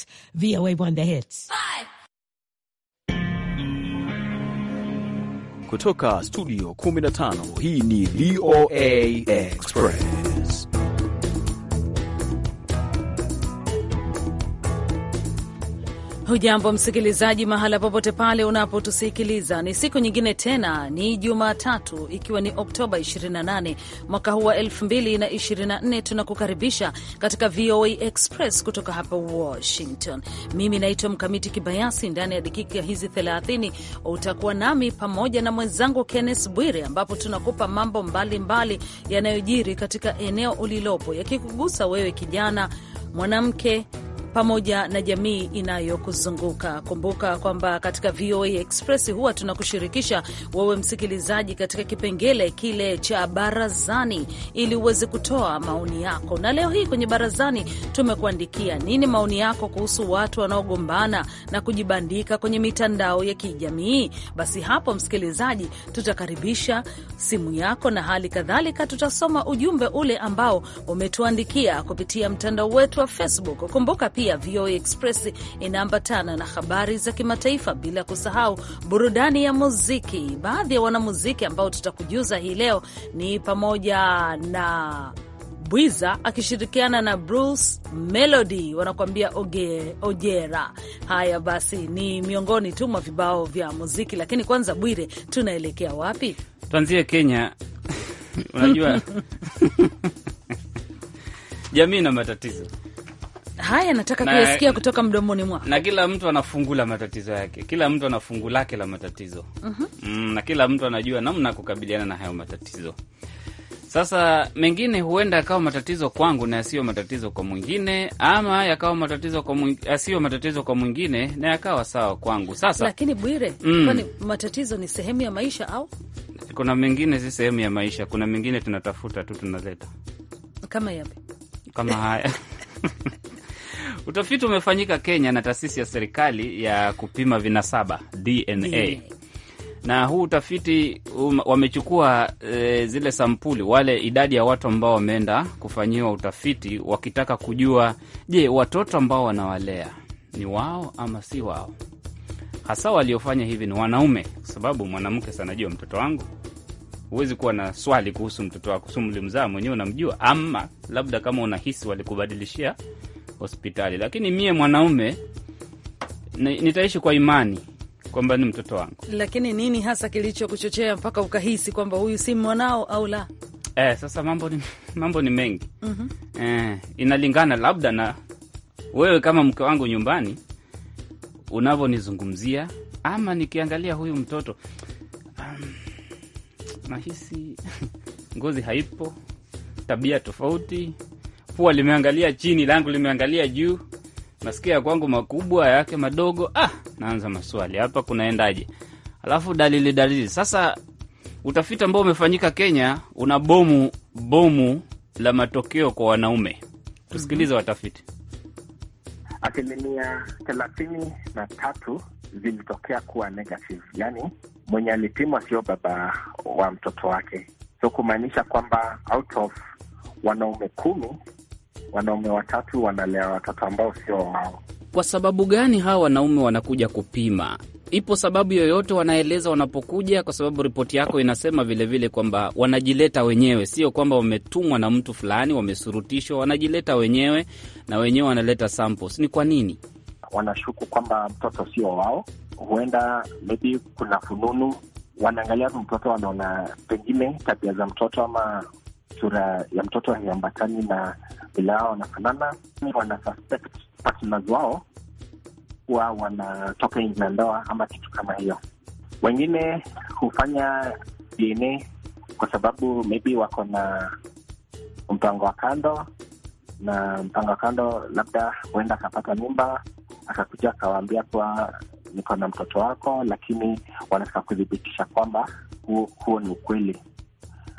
Hits. VOA 1 The Hits. Five. Kutoka studio 15 hii ni VOA Express. Hujambo msikilizaji, mahala popote pale unapotusikiliza, ni siku nyingine tena, ni Jumatatu ikiwa ni Oktoba 28 mwaka huu wa 2024. Tunakukaribisha katika VOA Express kutoka hapa Washington. Mimi naitwa Mkamiti Kibayasi. Ndani ya dakika hizi 30 utakuwa nami pamoja na mwenzangu Kenneth Bwire, ambapo tunakupa mambo mbalimbali yanayojiri katika eneo ulilopo, yakikugusa wewe kijana, mwanamke pamoja na jamii inayokuzunguka. Kumbuka kwamba katika VOA Express huwa tunakushirikisha wewe msikilizaji katika kipengele kile cha barazani, ili uweze kutoa maoni yako. Na leo hii kwenye barazani tumekuandikia nini maoni yako kuhusu watu wanaogombana na kujibandika kwenye mitandao ya kijamii? Basi hapo, msikilizaji, tutakaribisha simu yako na hali kadhalika tutasoma ujumbe ule ambao umetuandikia kupitia mtandao wetu wa Facebook. Kumbuka pia VOA Express inaambatana na habari za kimataifa, bila kusahau burudani ya muziki. Baadhi ya wanamuziki ambao tutakujuza hii leo ni pamoja na Bwiza akishirikiana na Bruce Melody wanakuambia oge, ojera. Haya basi, ni miongoni tu mwa vibao vya muziki, lakini kwanza, Bwire, tunaelekea wapi? Tuanzie Kenya. Unajua jamii na matatizo Haya, nataka kuyasikia kutoka mdomoni mwako. Na kila mtu anafungula matatizo yake, kila mtu anafungulake la matatizo uh mhm. -huh. Mm, na kila mtu anajua namna kukabiliana na hayo matatizo. Sasa mengine huenda yakawa matatizo kwangu na yasiyo matatizo kwa mwingine, ama yakawa matatizo kwa mwingine, yasiyo matatizo kwa mwingine na yakawa sawa kwangu. Sasa lakini Bwire, mm, kwani matatizo ni sehemu ya maisha au kuna mengine si sehemu ya maisha? Kuna mengine tunatafuta tu tunaleta, kama yapi? Kama haya Utafiti umefanyika Kenya na taasisi ya serikali ya kupima vinasaba DNA, Na huu utafiti um, wamechukua e, zile sampuli, wale idadi ya watu ambao wameenda kufanyiwa utafiti, wakitaka kujua, je, watoto ambao wanawalea ni wao ama si wao? Hasa waliofanya hivi ni wanaume, kwa sababu mwanamke sanajua mtoto wangu huwezi kuwa na swali kuhusu mtoto wako, si mlimzaa mwenyewe unamjua, ama labda kama unahisi walikubadilishia hospitali, lakini mie mwanaume nitaishi kwa imani kwamba ni mtoto wangu. Lakini nini hasa kilichokuchochea mpaka ukahisi kwamba huyu si mwanao au la? Eh, sasa mambo ni, mambo ni mengi mm -hmm. Eh, inalingana labda na wewe kama mke wangu nyumbani unavyonizungumzia, ama nikiangalia huyu mtoto um, nahisi ngozi haipo, tabia tofauti Pua limeangalia chini, langu limeangalia juu, nasikia ya kwangu makubwa yake madogo. Ah, naanza maswali hapa, kunaendaje? Alafu dalili dalili. Sasa utafiti ambao umefanyika Kenya una bomu bomu la matokeo kwa wanaume. Tusikilize mhm. watafiti. Asilimia thelathini na tatu zilitokea kuwa negative, yani mwenye alipimwa sio baba wa mtoto wake, so kumaanisha kwamba out of wanaume kumi wanaume watatu wanalea watoto ambao sio wao. Kwa sababu gani hawa wanaume wanakuja kupima? Ipo sababu yoyote wanaeleza wanapokuja? Kwa sababu ripoti yako inasema vilevile kwamba wanajileta wenyewe, sio kwamba wametumwa na mtu fulani, wamesurutishwa, wanajileta wenyewe na wenyewe wanaleta samples. Ni kwa nini wanashuku kwamba mtoto sio wao? Huenda maybe kuna fununu, wanaangalia mtoto, wanaona pengine tabia za mtoto ama sura ya mtoto haiambatani na mila yao wanafanana, wana suspect partners wao kuwa wanatoka nje na ndoa ama kitu kama hiyo. Wengine hufanya DNA kwa sababu maybe wako na mpango wa kando, na mpango wa kando labda huenda akapata mimba akakuja akawaambia kuwa niko na mtoto wako, lakini wanataka kuthibitisha kwamba huo ni ukweli.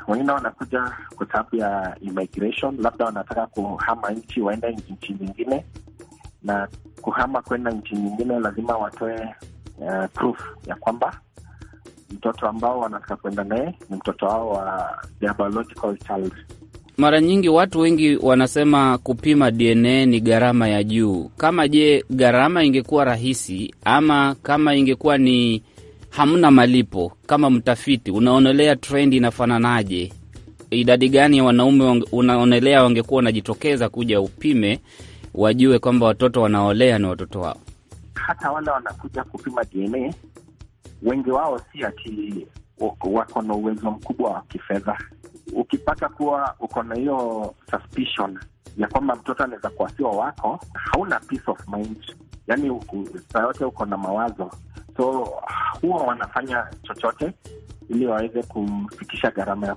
Wengine wanakuja kwa sababu ya immigration, labda wanataka kuhama nchi waende nchi nyingine, na kuhama kwenda nchi nyingine lazima watoe uh, proof ya kwamba mtoto ambao wanataka kwenda naye ni mtoto wao wa their biological child. Mara nyingi watu wengi wanasema kupima DNA ni gharama ya juu. Kama je, gharama ingekuwa rahisi ama kama ingekuwa ni hamna malipo. Kama mtafiti, unaonelea trendi inafananaje? Idadi gani ya wanaume unaonelea wangekuwa wanajitokeza kuja upime, wajue kwamba watoto wanaolea ni watoto wao? Hata wale wanakuja kupima DNA, wengi wao si ati wako na uwezo mkubwa wa kifedha. Ukipata kuwa uko na hiyo suspicion ya kwamba mtoto anaweza kuwasiwa wako, hauna peace of mind, yaani saa yote uko na mawazo So huwa wanafanya chochote ili waweze kufikisha gharama ya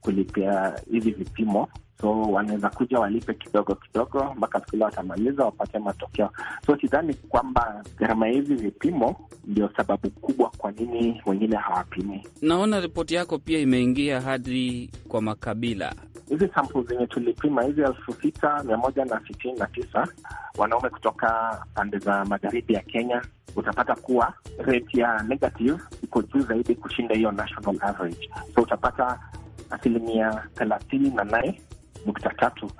kulipia hivi vipimo so wanaweza kuja walipe kidogo kidogo mpaka skule watamaliza wapate matokeo. So sidhani kwamba gharama hizi vipimo ndio sababu kubwa kwa nini wengine hawapimi. Naona ripoti yako pia imeingia hadi kwa makabila. Hizi sampuli zenye tulipima hizi elfu sita mia moja na sitini na tisa wanaume kutoka pande za magharibi ya Kenya, utapata kuwa rate ya negative iko juu zaidi kushinda hiyo national average. So utapata asilimia thelathini na nane nukta tatu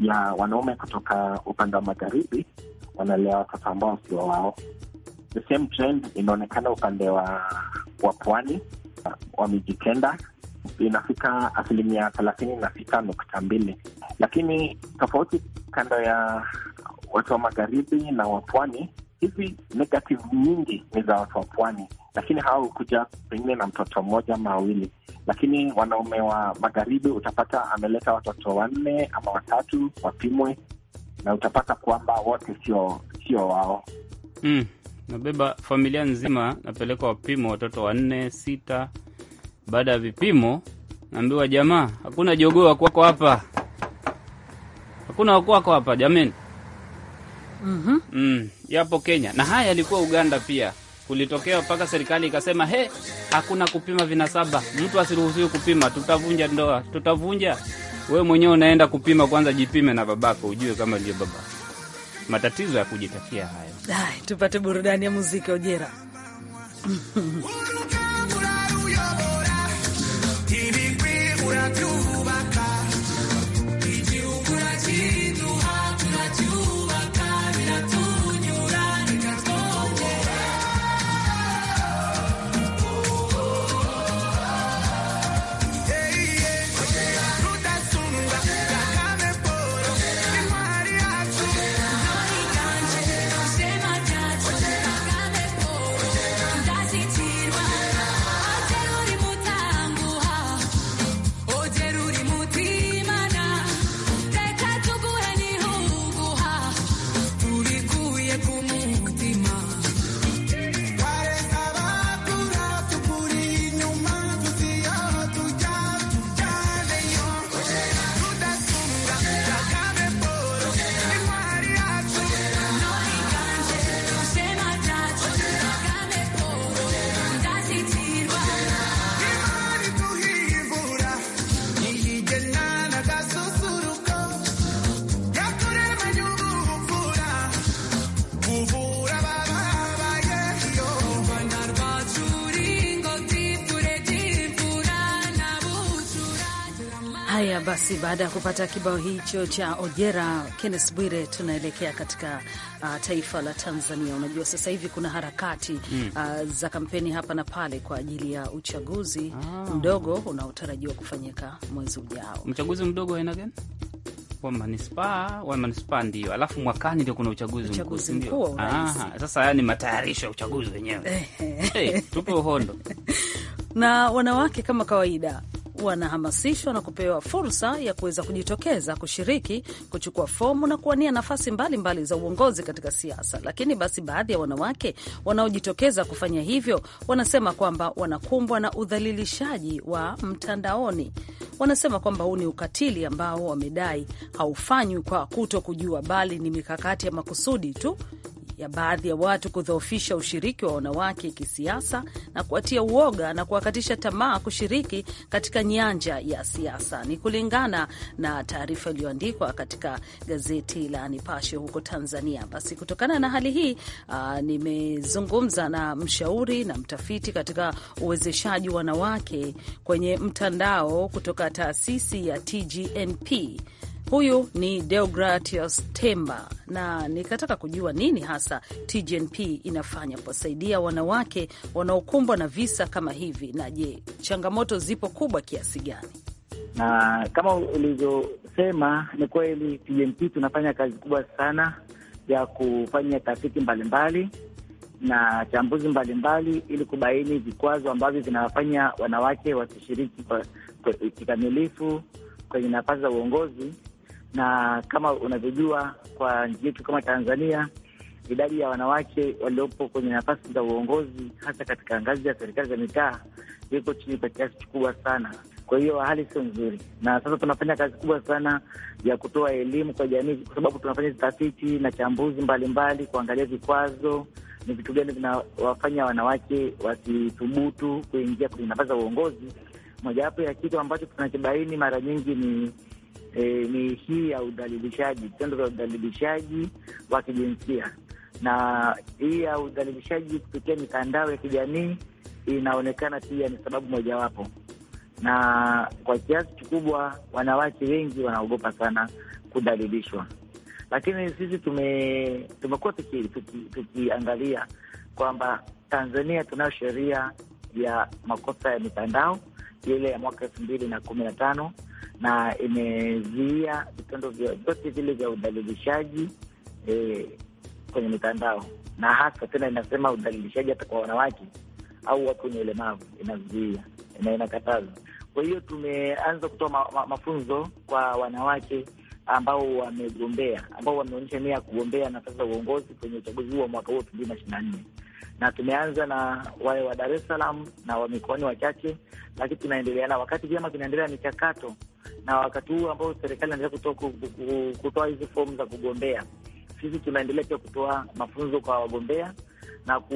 ya wanaume kutoka upande wa magharibi wanalea watoto ambao sio wao. The same trend inaonekana upande wa wa pwani wamejitenda, inafika asilimia thelathini na sita nukta mbili, lakini tofauti kando ya watu wa magharibi na wa pwani, hizi negative nyingi ni za watu wa pwani lakini hukuja pengine na mtoto mmoja ama wawili, lakini wanaume wa magharibi utapata ameleta watoto wanne ama watatu wapimwe, na utapata kwamba wote sio sio wao. Mm, nabeba familia nzima, napeleka wapimo watoto wanne sita. Baada ya vipimo naambiwa, jamaa, hakuna jogoo wa kwako hapa, hakuna wa kwako hapa jamani. mm -hmm. Mm, yapo Kenya na haya yalikuwa Uganda pia kulitokea mpaka serikali ikasema, he, hakuna kupima vinasaba, mtu asiruhusiwi kupima, tutavunja ndoa, tutavunja. Wewe mwenyewe unaenda kupima kwanza, jipime na babako ujue kama ndio baba. Matatizo ya kujitakia hayo. Tupate burudani ya muziki Ojera. basi, baada ya kupata kibao hicho cha Ojera kennes Bwire, tunaelekea katika uh, taifa la Tanzania. Unajua sasa hivi kuna harakati mm, uh, za kampeni hapa na pale kwa ajili ya uchaguzi ah, mdogo unaotarajiwa kufanyika mwezi ujao. Mchaguzi mdogo aina gani? wa manispaa wa manispaa ndio, alafu mwakani ndio kuna uchaguzi, uchaguzi mkuu. Sasa haya ni matayarisho ya uchaguzi wenyewe. Hey, tupe uhondo na wanawake kama kawaida wanahamasishwa na kupewa fursa ya kuweza kujitokeza kushiriki, kuchukua fomu na kuwania nafasi mbalimbali mbali za uongozi katika siasa. Lakini basi baadhi ya wanawake wanaojitokeza kufanya hivyo wanasema kwamba wanakumbwa na udhalilishaji wa mtandaoni. Wanasema kwamba huu ni ukatili ambao wamedai haufanywi kwa kuto kujua, bali ni mikakati ya makusudi tu ya baadhi ya watu kudhoofisha ushiriki wa wanawake kisiasa na kuwatia uoga na kuwakatisha tamaa kushiriki katika nyanja ya siasa. Ni kulingana na taarifa iliyoandikwa katika gazeti la Nipashe huko Tanzania. Basi kutokana na hali hii uh, nimezungumza na mshauri na mtafiti katika uwezeshaji wanawake kwenye mtandao kutoka taasisi ya TGNP Huyu ni Deogratius Temba, na nikataka kujua nini hasa TGNP inafanya kuwasaidia wanawake wanaokumbwa na visa kama hivi, na je, changamoto zipo kubwa kiasi gani? Na kama ulivyosema, ni kweli TGNP tunafanya kazi kubwa sana ya kufanya tafiti mbalimbali na chambuzi mbalimbali ili kubaini vikwazo ambavyo vinawafanya wanawake wasishiriki kikamilifu kwenye nafasi za uongozi na kama unavyojua kwa nchi yetu kama Tanzania, idadi ya wanawake waliopo kwenye nafasi za uongozi hasa katika ngazi ya serikali za mitaa iko chini kwa kiasi kikubwa sana. Kwa hiyo hali sio nzuri, na sasa tunafanya kazi kubwa sana ya kutoa elimu kwa jamii, kwa sababu tunafanya tafiti na chambuzi mbalimbali kuangalia vikwazo ni vitu gani vinawafanya wanawake wasithubutu kuingia kwenye nafasi za uongozi. Mojawapo ya kitu ambacho tunakibaini mara nyingi ni e, ni hii ya udhalilishaji, vitendo vya udhalilishaji wa kijinsia, na hii ya udhalilishaji kupitia mitandao ya kijamii inaonekana pia ni sababu mojawapo, na kwa kiasi kikubwa wanawake wengi wanaogopa sana kudhalilishwa. Lakini sisi tume, tumekuwa tukiangalia tuki, tuki kwamba Tanzania tunayo sheria ya makosa ya mitandao ile ya mwaka elfu mbili na kumi na tano na imezuia vitendo vyote vile vya udhalilishaji e, kwenye mitandao na hasa tena inasema udhalilishaji hata kwa wanawake au watu wenye ulemavu inazuia na inakataza. Kwa hiyo tumeanza kutoa ma, ma, mafunzo kwa wanawake ambao wamegombea, ambao wameonyesha nia ya kugombea nafasi za uongozi kwenye uchaguzi huu wa mwaka huu elfu mbili na ishirini na nne na tumeanza na wale wa Dar es Salaam na wa mikoani wachache, lakini tunaendelea na wakati vyama vinaendelea michakato na wakati huu ambao serikali inaendelea kutoa hizi fomu za kugombea, sisi tunaendelea pia kutoa mafunzo kwa wagombea na ku,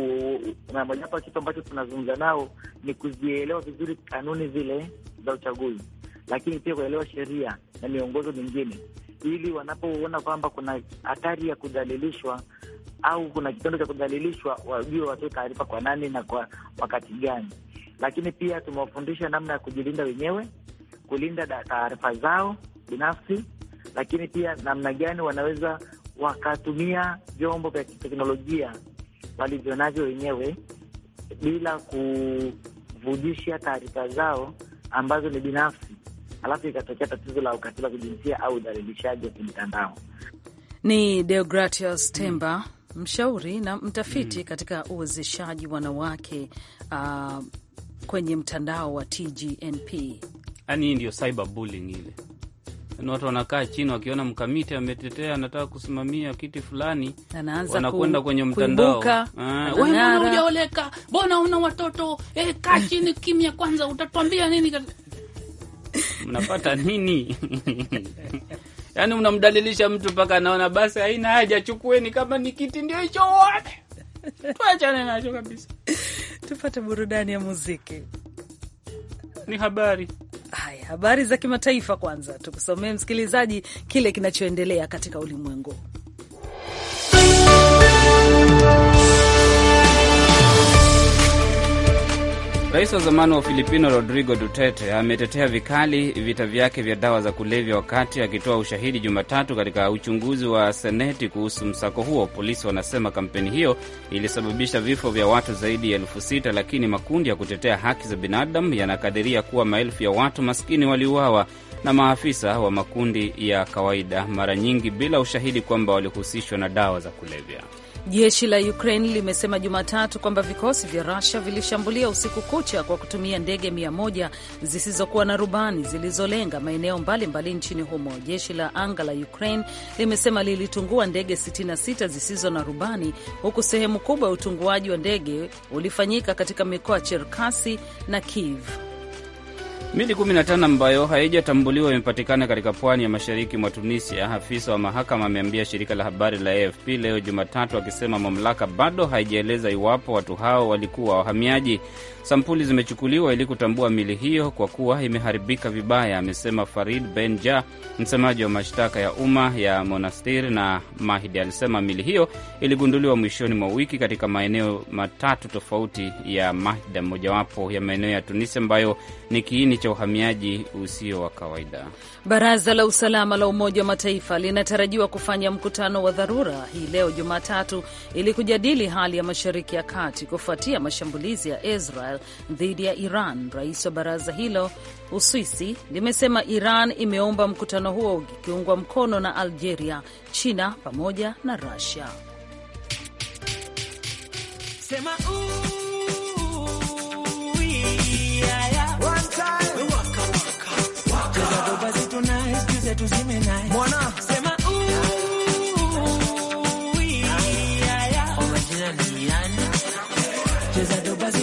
na mojawapo ya kitu ambacho tunazungumza nao ni kuzielewa vizuri kanuni zile za uchaguzi, lakini pia kuelewa sheria na miongozo mingine, ili wanapoona kwamba kuna hatari ya kudhalilishwa au kuna kitendo cha kudhalilishwa, wajue watoe taarifa kwa nani na kwa wakati gani. Lakini pia tumewafundisha namna ya kujilinda wenyewe kulinda taarifa zao binafsi, lakini pia namna gani wanaweza wakatumia vyombo vya kiteknolojia walivyo navyo wenyewe bila kuvujisha taarifa zao ambazo ni binafsi, alafu ikatokea tatizo la ukatili wa kijinsia au udhalilishaji wa kimtandao. Ni Deogratius mm. Temba mm, mshauri na mtafiti mm, katika uwezeshaji wanawake uh, kwenye mtandao wa TGNP yani hii ndio cyber bullying ile, yaani watu wanakaa chini wakiona mkamiti ametetea anataka kusimamia kiti fulani, wanakwenda kwenye mtandao, ah, wewe hujaoleka, mbona una watoto eh, kaa chini kimya kwanza, utatwambia nini? mnapata nini? yani unamdalilisha mtu mpaka anaona basi haina haja, chukueni kama ni kiti ndio hicho, wote tuachane nacho kabisa. Tupate burudani ya muziki, ni habari habari za kimataifa kwanza tukusomee msikilizaji kile kinachoendelea katika ulimwengu Rais wa zamani wa Ufilipino Rodrigo Duterte ametetea vikali vita vyake vya dawa za kulevya wakati akitoa ushahidi Jumatatu katika uchunguzi wa Seneti kuhusu msako huo. Polisi wanasema kampeni hiyo ilisababisha vifo vya watu zaidi ya elfu sita lakini makundi ya kutetea haki za binadamu yanakadiria kuwa maelfu ya watu maskini waliuawa na maafisa wa makundi ya kawaida, mara nyingi bila ushahidi kwamba walihusishwa na dawa za kulevya. Jeshi la Ukraine limesema Jumatatu kwamba vikosi vya Rusia vilishambulia usiku kucha kwa kutumia ndege mia moja zisizokuwa na rubani zilizolenga maeneo mbalimbali nchini humo. Jeshi la anga la Ukraine limesema lilitungua ndege 66 zisizo na rubani, huku sehemu kubwa ya utunguaji wa ndege ulifanyika katika mikoa Cherkasi na Kiev. Mili 15 ambayo haijatambuliwa imepatikana katika pwani ya mashariki mwa Tunisia, afisa wa mahakama ameambia shirika la habari la AFP leo Jumatatu, akisema mamlaka bado haijaeleza iwapo watu hao walikuwa wahamiaji. Sampuli zimechukuliwa ili kutambua mili hiyo kwa kuwa imeharibika vibaya, amesema Farid Benja, msemaji wa mashtaka ya umma ya Monastir na Mahdi. Alisema mili hiyo iligunduliwa mwishoni mwa wiki katika maeneo matatu tofauti ya Mahda, mojawapo ya maeneo ya Tunisia ambayo ni kiini cha uhamiaji usio wa kawaida. Baraza la usalama la Umoja wa Mataifa linatarajiwa kufanya mkutano wa dharura hii leo Jumatatu ili kujadili hali ya Mashariki ya Kati kufuatia mashambulizi ya Israel dhidi ya Iran. Rais wa baraza hilo Uswisi limesema Iran imeomba mkutano huo ukiungwa mkono na Algeria, China pamoja na Rusia. Sema, uh. mwana sema cheza do basi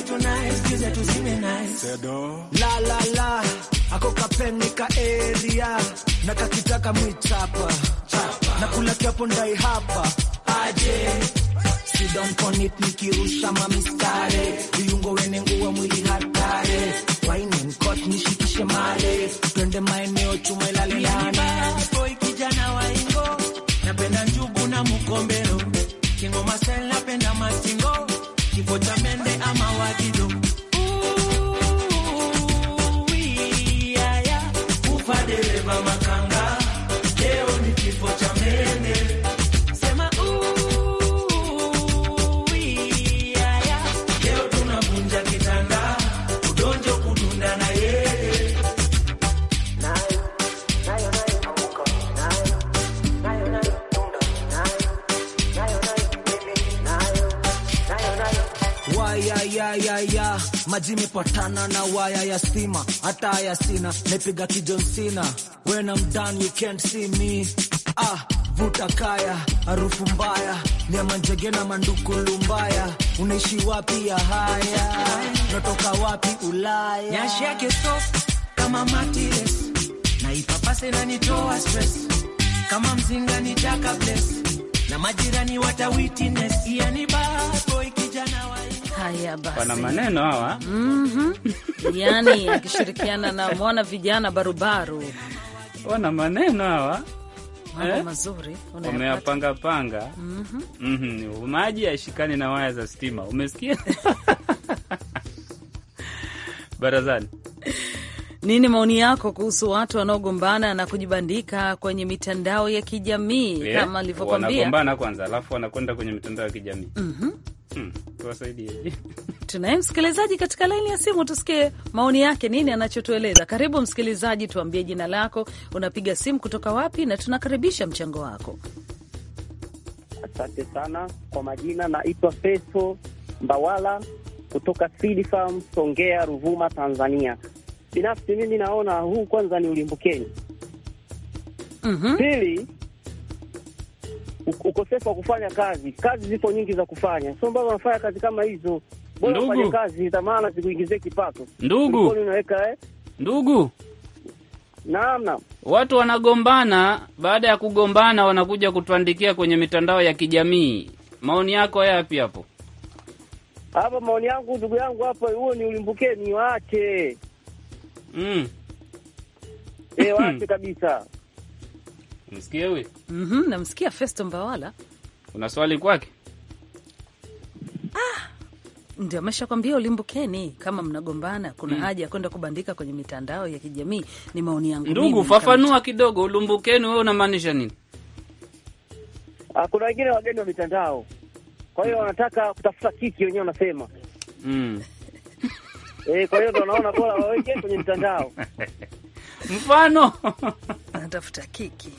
la la la ako kapenika area na kakitaka mwichapa na kula kiapo ndai hapa aje sidonkonit nikirusha mamistare viungo wenenguwa mwili hatare whining maeneo chuma waingo napenda njugu na mukombe maji imepatana na waya ya stima, hata ya sina, nipiga kijonsina. When I'm done you can't see me. Ah, vuta kaya, harufu mbaya ya manjege na manduku lumbaya. Unaishi wapi ya haya? Natoka wapi Ulaya? Nyashi yake soft kama matires, na ipapase na nitoa stress kama mzinga ni jaka bless, na majirani wata witness, yani bad boy kijana wa Haya basi, wana maneno hawa mm -hmm. Yani akishirikiana na mwana vijana barubaru, wana maneno hawa mambo eh, mazuri wameyapanga panga. mm -hmm. mm -hmm. Maji yashikani na waya za stima, umesikia? Barazani, nini maoni yako kuhusu watu wanaogombana na kujibandika kwenye mitandao ya kijamii? yeah. kama alivyokwambia wanagombana kwanza, alafu wanakwenda kwenye mitandao ya kijamii mm -hmm. Hmm, tunaye msikilizaji katika laini ya simu, tusikie maoni yake, nini anachotueleza. Karibu msikilizaji, tuambie jina lako, unapiga simu kutoka wapi, na tunakaribisha mchango wako. Asante sana kwa majina, naitwa Feso Mbawala kutoka Seed Songea, Ruvuma, Tanzania. Binafsi mimi naona huu kwanza ni ulimbukeni. mm -hmm. Pili ukosefu wa kufanya kazi. Kazi zipo nyingi za kufanya, so mbao wanafanya kazi kama hizo. Bora ufanye kazi, dhamana zikuingizie kipato. Ndugu unaweka eh? Ndugu naam, naam. Watu wanagombana, baada ya kugombana wanakuja kutuandikia kwenye mitandao ya kijamii. Maoni yako yapi hapo? Hapo maoni yangu ndugu yangu, hapo huo ni ulimbukeni, waache mm. E, waache kabisa Msikie huyu mm -hmm, namsikia Festo Mbawala. una swali kwake ah, ndio ameshakwambia ulimbukeni kama mnagombana, kuna mm, haja ya kwenda kubandika kwenye mitandao ya kijamii. Ni maoni yangu. Ndugu, fafanua kidogo, ulimbukeni wewe unamaanisha nini? Ah, kuna wengine wageni wa mitandao, kwa hiyo mm. wanataka kutafuta kiki, wenyewe wanasema mm. E, kwa hiyo ndo naona bora waweke kwenye mitandao mfano anatafuta kiki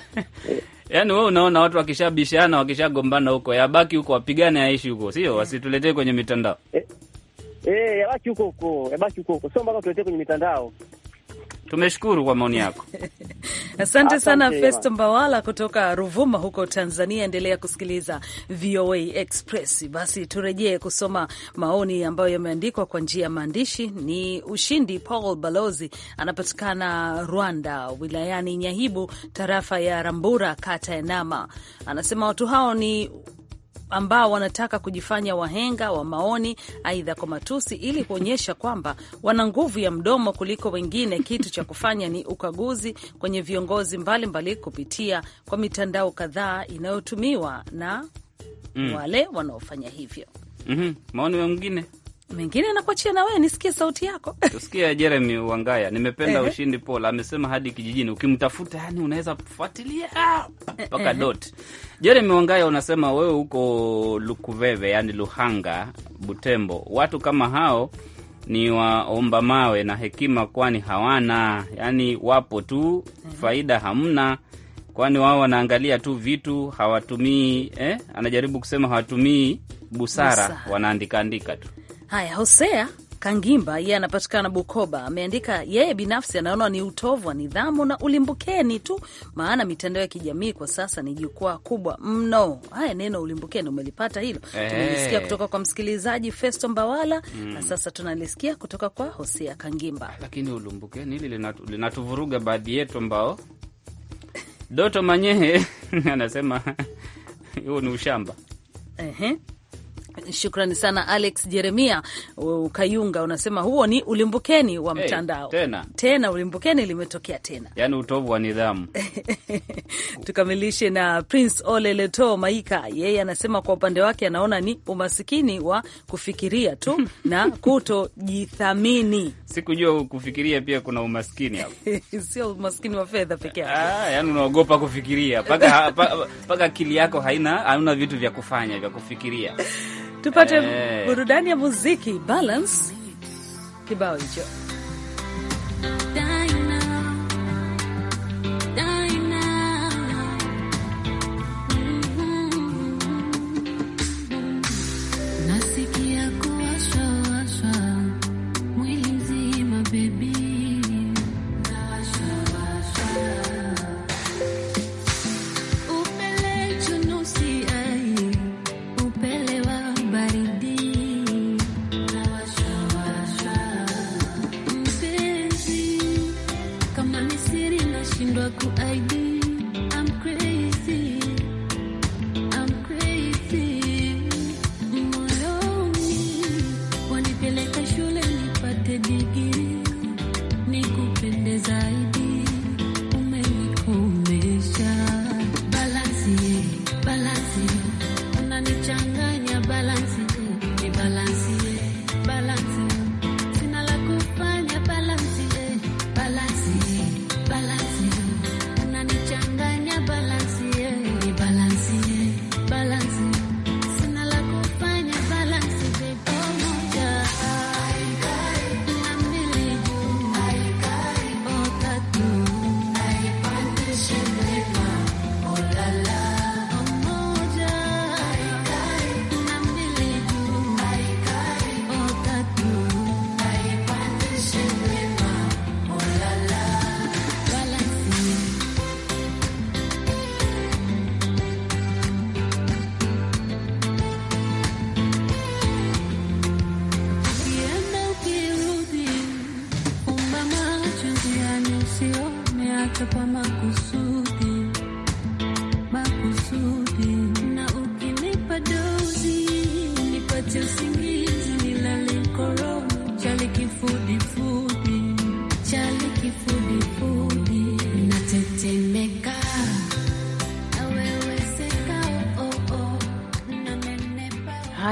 Yaani we unaona watu wakishabishana wakishagombana huko, yabaki huko, wapigane, yaishi huko, sio mm. wasituletee kwenye mitandao eh, eh, yabaki huko huko, yabaki huko huko, sio mpaka tuletee kwenye mitandao. Tumeshukuru kwa maoni yako. Asante sana Festo Mbawala kutoka Ruvuma huko Tanzania. Endelea kusikiliza VOA Express. Basi turejee kusoma maoni ambayo yameandikwa kwa njia ya maandishi. Ni ushindi Paul Balozi, anapatikana Rwanda, wilayani Nyahibu, tarafa ya Rambura, kata ya Nama, anasema watu hao ni ambao wanataka kujifanya wahenga wa maoni, aidha kwa matusi, ili kuonyesha kwamba wana nguvu ya mdomo kuliko wengine. Kitu cha kufanya ni ukaguzi kwenye viongozi mbalimbali mbali kupitia kwa mitandao kadhaa inayotumiwa na mm. wale wanaofanya hivyo. mm -hmm. maoni mengine mengine anakuachia na wewe, nisikie sauti yako. Tusikia Jeremy Wangaya, nimependa eh. ushindi Paul amesema hadi kijijini ukimtafuta, yani unaweza kufuatilia mpaka eh, eh, dot. Jeremy Wangaya unasema wewe huko Lukuveve, yani Luhanga, Butembo, watu kama hao ni waomba mawe na hekima, kwani hawana yani, wapo tu, faida hamna kwani wao wanaangalia tu vitu hawatumii eh? Anajaribu kusema hawatumii busara, busara. Wanaandikaandika tu Haya, Hosea Kangimba yeye anapatikana Bukoba, ameandika yeye binafsi anaona ni utovu wa nidhamu na ulimbukeni tu, maana mitandao ya kijamii kwa sasa ni jukwaa kubwa mno. Haya, neno ulimbukeni umelipata hilo? Hey, eh. tumelisikia kutoka kwa msikilizaji Festo Mbawala hmm, na sasa tunalisikia kutoka kwa Hosea Kangimba. Lakini ulimbukeni hili linatuvuruga baadhi yetu, ambao Doto Manyehe anasema huo ni ushamba. Ehe. Shukrani sana Alex Jeremia Ukayunga, unasema huo ni ulimbukeni wa mtandao. Hey, tena, tena ulimbukeni limetokea tena, yani utovu wa nidhamu. Tukamilishe na Prince Ole Leto Maika, yeye anasema kwa upande wake anaona ni umasikini wa kufikiria tu na kutojithamini. Sikujua kufikiria pia kuna umaskini hapo. Sio umaskini wa fedha peke yake, ah, yani unaogopa kufikiria mpaka akili yako haina hauna vitu vya kufanya vya kufikiria tupate eh. burudani ya muziki balance kibao hicho.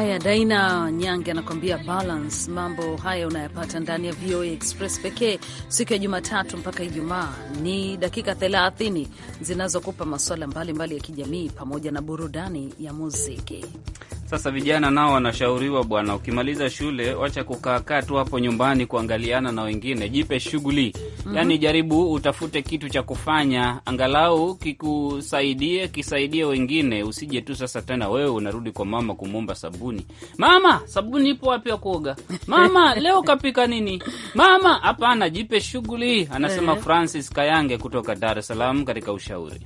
Haya, Daina Nyange anakuambia balance. Mambo haya unayapata ndani ya VOA Express pekee, siku ya Jumatatu mpaka Ijumaa. Ni dakika 30 zinazokupa masuala mbalimbali ya kijamii pamoja na burudani ya muziki. Sasa vijana nao wanashauriwa bwana, ukimaliza shule wacha kukaakaa tu hapo nyumbani kuangaliana na wengine, jipe shughuli mm -hmm. Yaani jaribu utafute kitu cha kufanya angalau kikusaidie, kisaidie wengine. Usije tu sasa tena wewe unarudi kwa mama kumwomba sabuni, mama sabuni ipo wapi ya kuoga, mama leo kapika nini, mama. Hapana, jipe shughuli, anasema eh. Francis Kayange kutoka Dar es Salaam katika ushauri.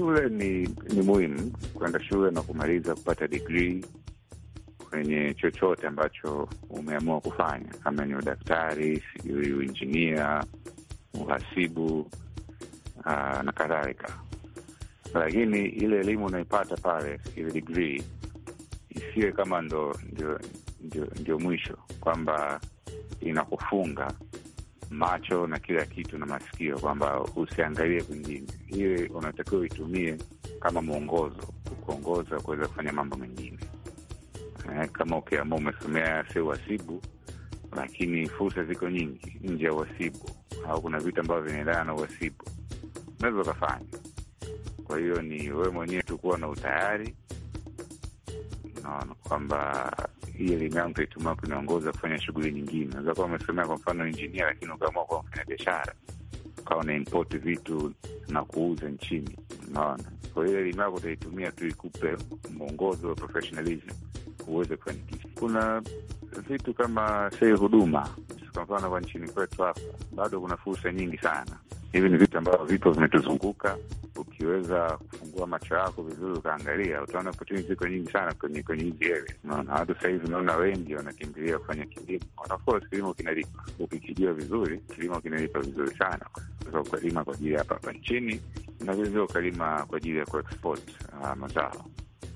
shule ni, ni muhimu kwenda shule na kumaliza kupata degree kwenye chochote ambacho umeamua kufanya, kama ni udaktari, sijui uinjinia, uhasibu aa, ah, na kadhalika. Lakini ile elimu unaipata pale, ile degree isiwe kama ndo, ndio, ndio, ndio mwisho, kwamba inakufunga macho na kila kitu na masikio, kwamba usiangalie kwingine. hiyo unatakiwa uitumie kama mwongozo kuongoza kuweza kufanya mambo mengine. Eh, kama ukiamua umesomea sio uhasibu, lakini fursa ziko nyingi nje ya uhasibu, au kuna vitu ambavyo vinaendana na uhasibu unaweza ukafanya. Kwa hiyo ni wewe mwenyewe tu kuwa na utayari, unaona kwamba hii elimu yangu nitaitumia kuniongoza kufanya shughuli nyingine. Unaweza kuwa umesomea kwa mfano injinia, lakini ukaamua kuwa mfanya biashara, ukawa unaimpoti vitu na kuuza nchini. Unaona, kwa hiyo elimu yako utaitumia tu ikupe mwongozo wa professionalism uweze kufanikisha. Kuna vitu kama sei huduma, kwa mfano kwa nchini kwetu hapa, bado kuna fursa nyingi sana. Hivi ni vitu ambavyo vipo vimetuzunguka ukiweza kufungua macho yako vizuri ukaangalia, utaona opportunity ziko nyingi sana kwenye kwenye hizi areas. Unaona watu sasa hivi unaona wengi wanakimbilia kufanya kilimo, na of course kilimo kinalipa. Ukikijua vizuri, kilimo kinalipa vizuri sana, kwa ukalima kwa ajili ya hapa hapa nchini na vilevile ukalima kwa ajili ya kuexport uh, mazao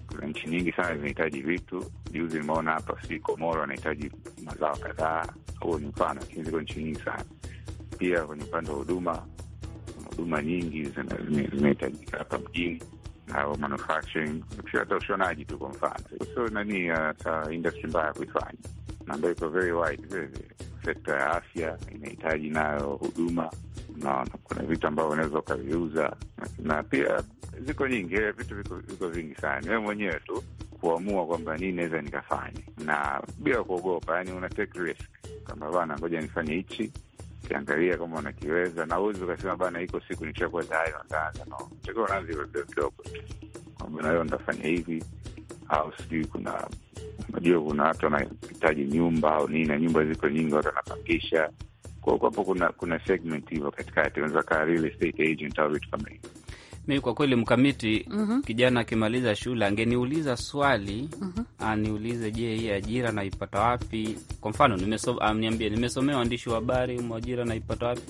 kuna nchi nyingi sana zinahitaji vitu. Juzi nimeona hapa, si Komoro wanahitaji mazao kadhaa. Huo ni mfano, lakini ziko nchi nyingi sana. Pia kwenye upande wa huduma, huduma nyingi zinahitajika hapa mjini au manufacturing, hata ushonaji tu kwa mfano. So nani uh, industry mbaya kuifanya na ambayo iko very wide vile Sekta ya afya inahitaji nayo huduma, unaona, kuna vitu ambavyo unaweza ukaviuza, na pia ziko nyingi, eh, vitu viko, viko vingi sana. Wewe mwenyewe tu kuamua kwamba nii naweza nikafanya, na bila kuogopa, yani una take risk kwamba bana, ngoja nifanye hichi ukiangalia kama unakiweza, na uwezi ukasema bana, iko siku nishakuwa hayo ntaanza. No, takiwa unaanza hivyo kidogo kwamba nayo ntafanya hivi au sijui kuna unajua kuna watu wanahitaji nyumba au nini, na nyumba ziko nyingi, watu wanapangisha. kwao. Kwapo kuna kuna segment hivyo katikati, unaweza kaa real estate agent au vitu kama hivyo. Mi kwa kweli mkamiti, mm -hmm. kijana akimaliza shule angeniuliza swali mm -hmm. aniulize, je, hii ajira naipata wapi? Kwa mfano nimeso, ah, nimesomea waandishi wa habari, mwajira naipata wapi?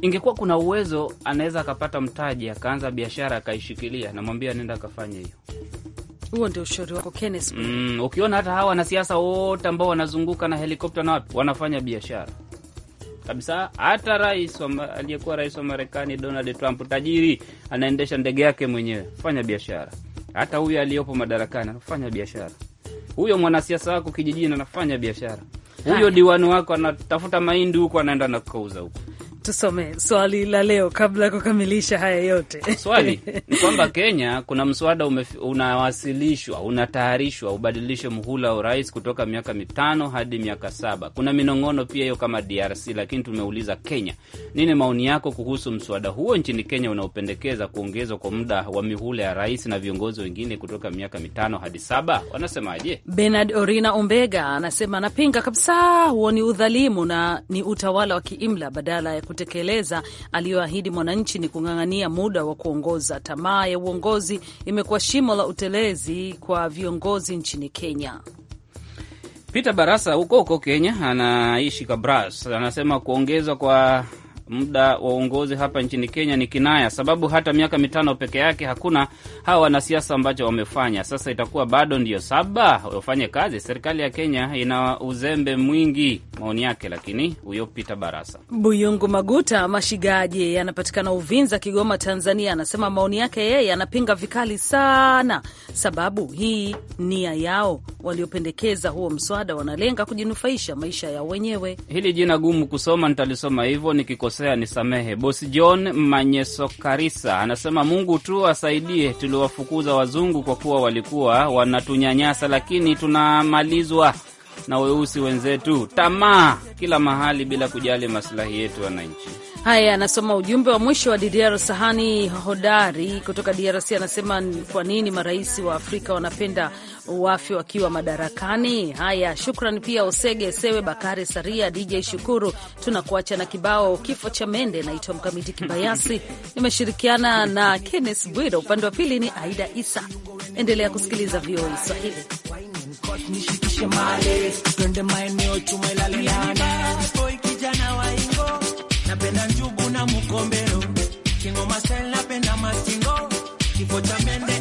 Ingekuwa kuna uwezo, anaweza akapata mtaji akaanza biashara akaishikilia, namwambia nenda akafanya hiyo. Huo ndio ushauri wako Kenneth? Mm, ukiona hata hawa wanasiasa wote ambao wanazunguka na helikopta na wapi wanafanya biashara kabisa. Hata rais aliyekuwa rais wa Marekani Donald Trump, tajiri, anaendesha ndege yake mwenyewe, fanya biashara. Hata huyo aliyopo madarakani anafanya biashara, huyo mwanasiasa wako kijijini anafanya biashara, huyo diwani wako anatafuta mahindi huko, anaenda nakauza huko tusome swali la leo kabla ya kukamilisha haya yote. Swali ni kwamba Kenya kuna mswada unawasilishwa, unatayarishwa ubadilishe mhula wa urais kutoka miaka mitano hadi miaka saba. Kuna minong'ono pia hiyo kama DRC, lakini tumeuliza Kenya, nini maoni yako kuhusu mswada huo nchini Kenya unaopendekeza kuongezwa kwa muda wa mihula ya rais na viongozi wengine kutoka miaka mitano hadi saba? Wanasemaje? Bernard Orina Umbega anasema anapinga kabisa, huo ni udhalimu na ni utawala wa kiimla badala ya kutekeleza aliyoahidi mwananchi ni kung'ang'ania muda wa kuongoza. Tamaa ya uongozi imekuwa shimo la utelezi kwa viongozi nchini Kenya. Peter Barasa huko huko Kenya anaishi Kabras, anasema kuongezwa kwa muda wa uongozi hapa nchini Kenya ni kinaya, sababu hata miaka mitano peke yake hakuna hawa wanasiasa ambacho wamefanya. Sasa itakuwa bado ndio saba wafanye kazi. Serikali ya Kenya ina uzembe mwingi, maoni yake. Lakini huyo Peter Barasa Buyungu Maguta Mashigaje anapatikana Uvinza, Kigoma, Tanzania, anasema maoni yake yeye, anapinga vikali sana, sababu hii nia yao waliopendekeza huo mswada wanalenga kujinufaisha maisha yao wenyewe. Hili jina gumu kusoma, nitalisoma hivyo nikikosea nimekosea nisamehe. Bosi John Manyesokarisa anasema Mungu tu asaidie, tuliwafukuza wazungu kwa kuwa walikuwa wanatunyanyasa, lakini tunamalizwa na weusi wenzetu, tamaa kila mahali bila kujali masilahi yetu wananchi. Haya, anasoma ujumbe wa mwisho wa Didiaro Sahani Hodari kutoka DRC, anasema kwa nini marais wa Afrika wanapenda wafe wakiwa madarakani? Haya, shukran pia Osege Sewe, Bakari Saria, DJ Shukuru. Tunakuacha na kibao kifo cha mende. Naitwa Mkamiti Kibayasi, nimeshirikiana na Kennes Bwido, upande wa pili ni Aida Isa. Endelea kusikiliza VOA Swahili. ngombero kingo masel napenda matingo kifo cha mende